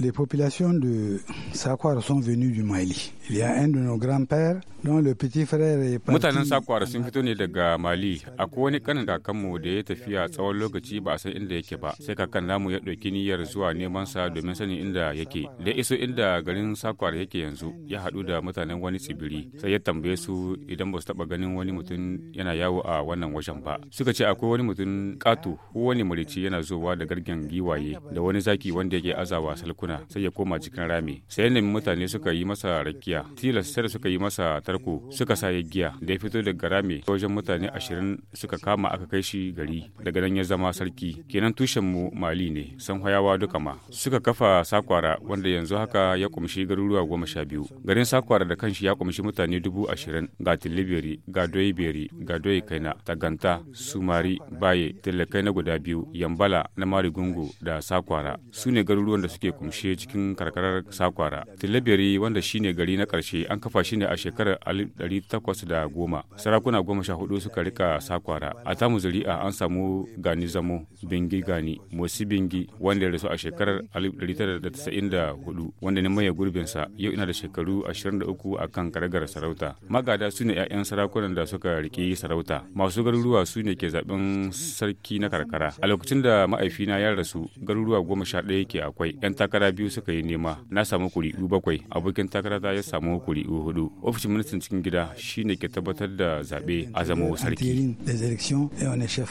les populations de Sakwar sont venues du Mali. Il y a un de nos grands-pères dont le petit frère est parti. Mutanen Sakwar sun fito ne daga Mali. Akwai wani kanin kakanmu da ya tafi a tsawon lokaci ba a san inda yake ba. Sai kakan namu ya ɗauki niyyar zuwa neman sa domin sanin inda yake. Da iso inda garin Sakwar yake yanzu, ya haɗu da mutanen wani tsibiri. Sai ya tambaye su idan ba su taɓa ganin wani mutum yana yawo a wannan wajen ba. Suka ce akwai wani mutum ƙato ko wani marici yana zowa da gargen giwaye da wani zaki wanda yake azawa salkuna. sai ya koma cikin rami sai nemi mutane suka yi masa rakiya tilas sai suka yi masa tarko suka sa ya giya da ya fito daga rami wajen mutane ashirin suka kama aka kai shi gari daga nan ya zama sarki kenan tushen mu mali ne san hayawa duka ma suka kafa sakwara wanda yanzu haka ya kumshi garuruwa goma sha biyu garin sakwara da kanshi ya kumshi mutane dubu ashirin ga tilibiri ga doibiri ga doyi kaina taganta sumari baye tilakai na guda biyu yambala na marigungu da sakwara su ne garuruwan da suke kumshi ƙarshe cikin karkarar Sakwara. Tilaberi wanda shine gari na karshe an kafa shi ne a shekarar 1810. Sarakuna goma sha hudu suka rika Sakwara. A tamu zuri'a an samu Gani Zamo, Bingi Gani, Mosi Bingi wanda ya rasu a shekarar 1994 wanda ne maye gurbinsa yau ina da shekaru 23 a kan karagar sarauta. Magada su ne 'ya'yan sarakunan da suka riƙe sarauta. Masu garuruwa su ne ke zaɓen sarki na karkara. A lokacin da ma'aifina ya rasu garuruwa goma sha ɗaya ke akwai 'yan takara takara biyu suka yi nema na samu kuri'u bakwai abokin takarata ya samu kuri'u hudu ofishin ministan cikin gida shine ke tabbatar da zaɓe a zama sarki